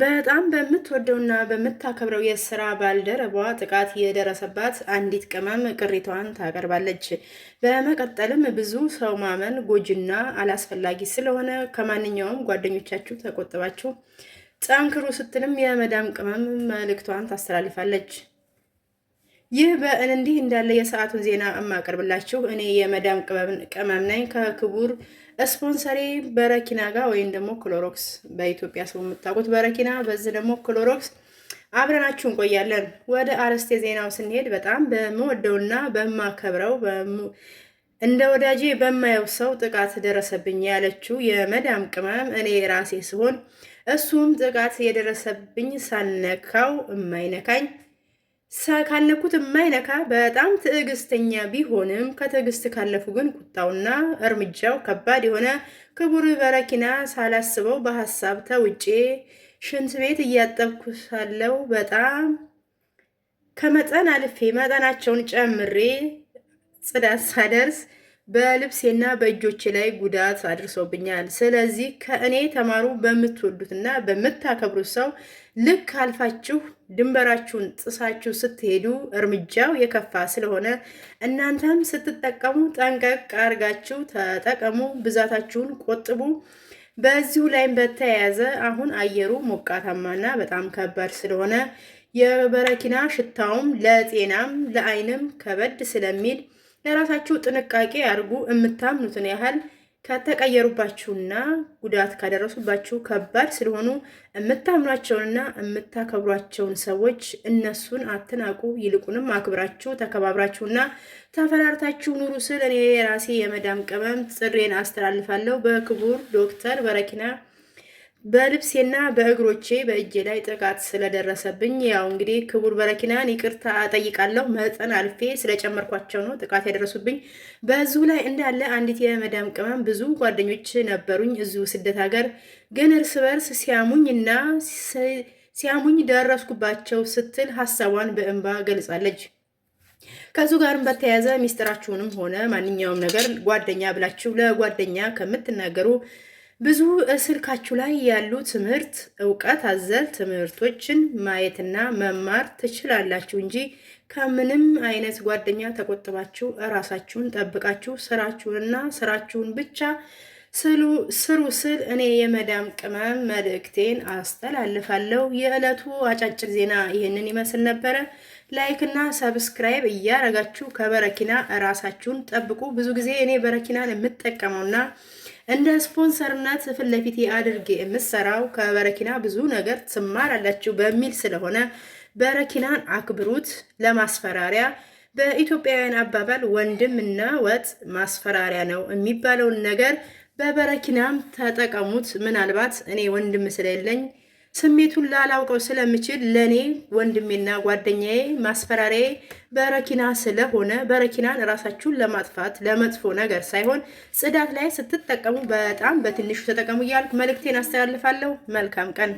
በጣም በምትወደውና በምታከብረው የስራ ባልደረቧ ጥቃት የደረሰባት አንዲት ቅመም ቅሬታዋን ታቀርባለች። በመቀጠልም ብዙ ሰው ማመን ጎጂና አላስፈላጊ ስለሆነ ከማንኛውም ጓደኞቻችሁ ተቆጥባችሁ ጠንክሩ ስትልም የመዳም ቅመም መልእክቷን ታስተላልፋለች። ይህ እንዲህ እንዳለ የሰዓቱን ዜና የማቀርብላችሁ እኔ የመዳም ቅመም ነኝ። ከክቡር ስፖንሰሬ በረኪና ጋር ወይም ደግሞ ክሎሮክስ በኢትዮጵያ ሰው የምታውቁት በረኪና፣ በዚህ ደግሞ ክሎሮክስ አብረናችሁ እንቆያለን። ወደ አርዕስተ ዜናው ስንሄድ በጣም በምወደውና በማከብረው እንደ ወዳጄ በማየው ሰው ጥቃት ደረሰብኝ ያለችው የመዳም ቅመም እኔ ራሴ ስሆን እሱም ጥቃት የደረሰብኝ ሳነካው እማይነካኝ ካለኩት የማይነካ በጣም ትዕግስተኛ ቢሆንም ከትዕግስት ካለፉ ግን ቁጣውና እርምጃው ከባድ የሆነ ክቡር በረኪና ሳላስበው በሀሳብ ተውጬ ሽንት ቤት እያጠብኩ ሳለው በጣም ከመጠን አልፌ መጠናቸውን ጨምሬ ጽዳት ሳደርስ በልብሴና በእጆቼ ላይ ጉዳት አድርሶብኛል። ስለዚህ ከእኔ ተማሩ። በምትወዱትና በምታከብሩት ሰው ልክ አልፋችሁ ድንበራችሁን ጥሳችሁ ስትሄዱ እርምጃው የከፋ ስለሆነ እናንተም ስትጠቀሙ ጠንቀቅ አድርጋችሁ ተጠቀሙ። ብዛታችሁን ቆጥቡ። በዚሁ ላይም በተያያዘ አሁን አየሩ ሞቃታማና በጣም ከባድ ስለሆነ የበረኪና ሽታውም ለጤናም ለአይንም ከበድ ስለሚል ለራሳችሁ ጥንቃቄ አድርጉ። የምታምኑትን ያህል ከተቀየሩባችሁና ጉዳት ካደረሱባችሁ ከባድ ስለሆኑ የምታምኗቸውንና የምታከብሯቸውን ሰዎች እነሱን አትናቁ። ይልቁንም አክብራችሁ ተከባብራችሁና ተፈራርታችሁ ኑሩ ስል እኔ የራሴ የመዳም ቅመም ጥሬን አስተላልፋለሁ። በክቡር ዶክተር በረኪና በልብሴና በእግሮቼ በእጄ ላይ ጥቃት ስለደረሰብኝ ያው እንግዲህ ክቡር በረኪናን ይቅርታ ጠይቃለሁ። መጠን አልፌ ስለጨመርኳቸው ነው ጥቃት ያደረሱብኝ። በዙ ላይ እንዳለ አንዲት የመዳም ቅመም ብዙ ጓደኞች ነበሩኝ እዚሁ ስደት ሀገር፣ ግን እርስ በርስ ሲያሙኝ ሲያሙኝ ደረስኩባቸው ስትል ሀሳቧን በእንባ ገልጻለች። ከዚሁ ጋርም በተያያዘ ሚስጥራችሁንም ሆነ ማንኛውም ነገር ጓደኛ ብላችሁ ለጓደኛ ከምትናገሩ ብዙ ስልካችሁ ላይ ያሉ ትምህርት እውቀት አዘል ትምህርቶችን ማየትና መማር ትችላላችሁ እንጂ ከምንም አይነት ጓደኛ ተቆጥባችሁ እራሳችሁን ጠብቃችሁ ስራችሁንና ስራችሁን ብቻ ስሩ ስል እኔ የመዳም ቅመም መልእክቴን አስተላልፋለሁ። የዕለቱ አጫጭር ዜና ይህንን ይመስል ነበረ። ላይክና ሰብስክራይብ እያረጋችሁ ከበረኪና እራሳችሁን ጠብቁ። ብዙ ጊዜ እኔ በረኪናን የምጠቀመውና እንደ ስፖንሰርነት ፊት ለፊቴ አድርጌ የምሰራው ከበረኪና ብዙ ነገር ትማራላችሁ በሚል ስለሆነ በረኪናን አክብሩት። ለማስፈራሪያ በኢትዮጵያውያን አባባል ወንድምና ወጥ ማስፈራሪያ ነው የሚባለውን ነገር በበረኪናም ተጠቀሙት። ምናልባት እኔ ወንድም ስለሌለኝ ስሜቱን ላላውቀው ስለምችል ለእኔ ወንድሜና ጓደኛዬ ማስፈራሪያ በረኪና ስለሆነ በረኪናን እራሳችሁን ለማጥፋት ለመጥፎ ነገር ሳይሆን ጽዳት ላይ ስትጠቀሙ በጣም በትንሹ ተጠቀሙ እያልኩ መልእክቴን አስተላልፋለሁ። መልካም ቀን